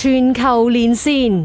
全球連線，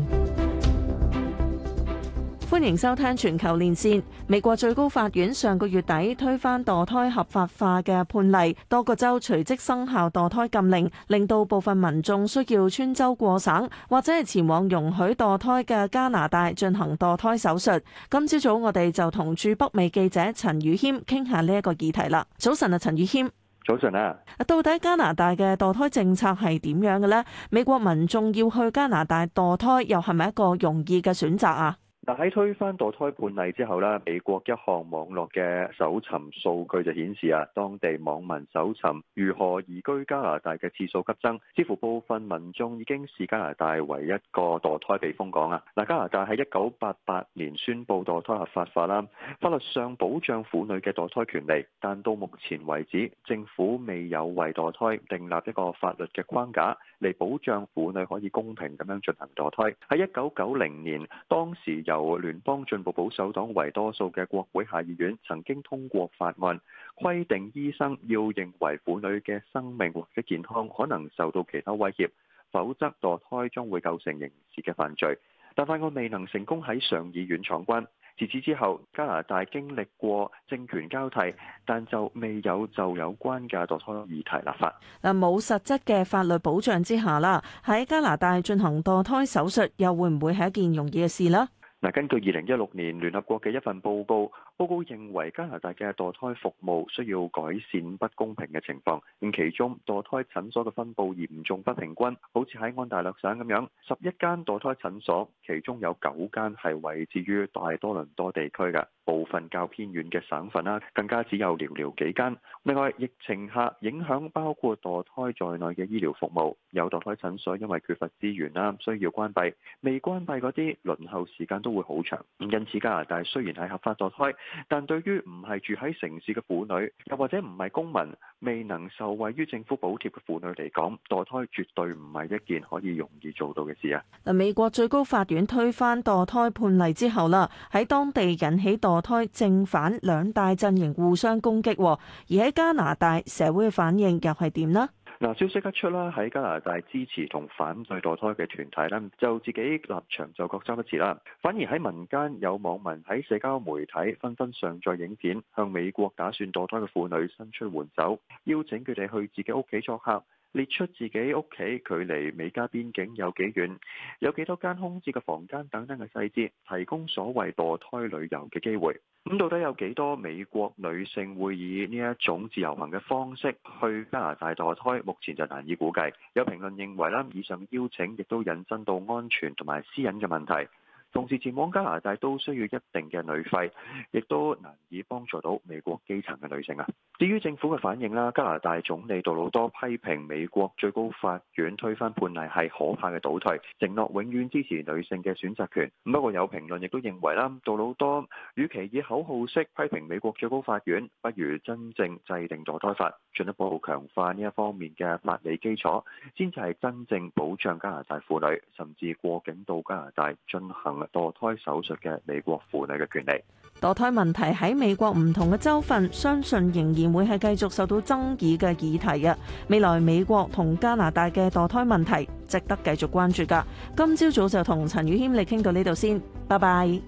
歡迎收聽全球連線。美國最高法院上個月底推翻墮胎合法化嘅判例，多個州隨即生效墮胎禁令，令到部分民眾需要穿州過省，或者係前往容許墮胎嘅加拿大進行墮胎手術。今朝早我哋就同駐北美記者陳宇謙傾下呢一個議題啦。早晨啊，陳宇謙。早晨啊，到底加拿大嘅墮胎政策係點樣嘅咧？美國民眾要去加拿大墮胎，又係咪一個容易嘅選擇啊？但喺推翻墮胎判例之後咧，美國一項網絡嘅搜尋數據就顯示啊，當地網民搜尋如何移居加拿大嘅次數急增，似乎部分民眾已經視加拿大為一,一個墮胎避風港啊！嗱，加拿大喺一九八八年宣布墮胎合法化啦，法律上保障婦女嘅墮胎權利，但到目前為止，政府未有為墮胎訂立一個法律嘅框架嚟保障婦女可以公平咁樣進行墮胎。喺一九九零年，當時有由聯邦進步保守黨為多數嘅國會下議院曾經通過法案，規定醫生要認為婦女嘅生命或者健康可能受到其他威脅，否則墮胎將會構成刑事嘅犯罪。但法案未能成功喺上議院闖關。自此之後，加拿大經歷過政權交替，但就未有就有關嘅墮胎議題立法。嗱，冇實質嘅法律保障之下啦，喺加拿大進行墮胎手術又會唔會係一件容易嘅事呢？嗱，根據二零一六年聯合國嘅一份報告。報告認為加拿大嘅墮胎服務需要改善不公平嘅情況，咁其中墮胎診所嘅分布嚴重不平均，好似喺安大略省咁樣，十一間墮胎診所，其中有九間係位置於大多倫多地區嘅，部分較偏遠嘅省份啦，更加只有寥寥幾間。另外，疫情下影響包括墮胎在內嘅醫療服務，有墮胎診所因為缺乏資源啦，需要關閉，未關閉嗰啲輪候時間都會好長。咁因此，加拿大雖然係合法墮胎，但對於唔係住喺城市嘅婦女，又或者唔係公民未能受惠於政府補貼嘅婦女嚟講，墮胎絕對唔係一件可以容易做到嘅事啊！美國最高法院推翻墮胎判例之後啦，喺當地引起墮胎正反兩大陣營互相攻擊，而喺加拿大社會嘅反應又係點呢？嗱，消息一出啦，喺加拿大支持同反對墮胎嘅團體呢，就自己立場就各執一詞啦。反而喺民間有網民喺社交媒體紛紛上載影片，向美國打算墮胎嘅婦女伸出援手，邀請佢哋去自己屋企作客。列出自己屋企距離美加邊境有幾遠，有幾多間空置嘅房間等等嘅細節，提供所謂墮胎旅遊嘅機會。咁到底有幾多美國女性會以呢一種自由行嘅方式去加拿大墮胎？目前就難以估計。有評論認為啦，以上邀請亦都引申到安全同埋私隱嘅問題。同時前往加拿大都需要一定嘅旅費，亦都難以幫助到美國基層嘅女性啊！至於政府嘅反應啦，加拿大總理杜魯多批評美國最高法院推翻判例係可怕嘅倒退，承諾永遠支持女性嘅選擇權。不過有評論亦都認為啦，杜魯多與其以口號式批評美國最高法院，不如真正制定墮胎法，進一步好強化呢一方面嘅法理基礎，先至係真正保障加拿大婦女甚至過境到加拿大進行墮胎手術嘅美國婦女嘅權利，墮胎問題喺美國唔同嘅州份，相信仍然會係繼續受到爭議嘅議題。嘅未來美國同加拿大嘅墮胎問題，值得繼續關注噶。今朝早就同陳宇謙嚟傾到呢度先，拜拜。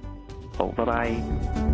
好，拜拜。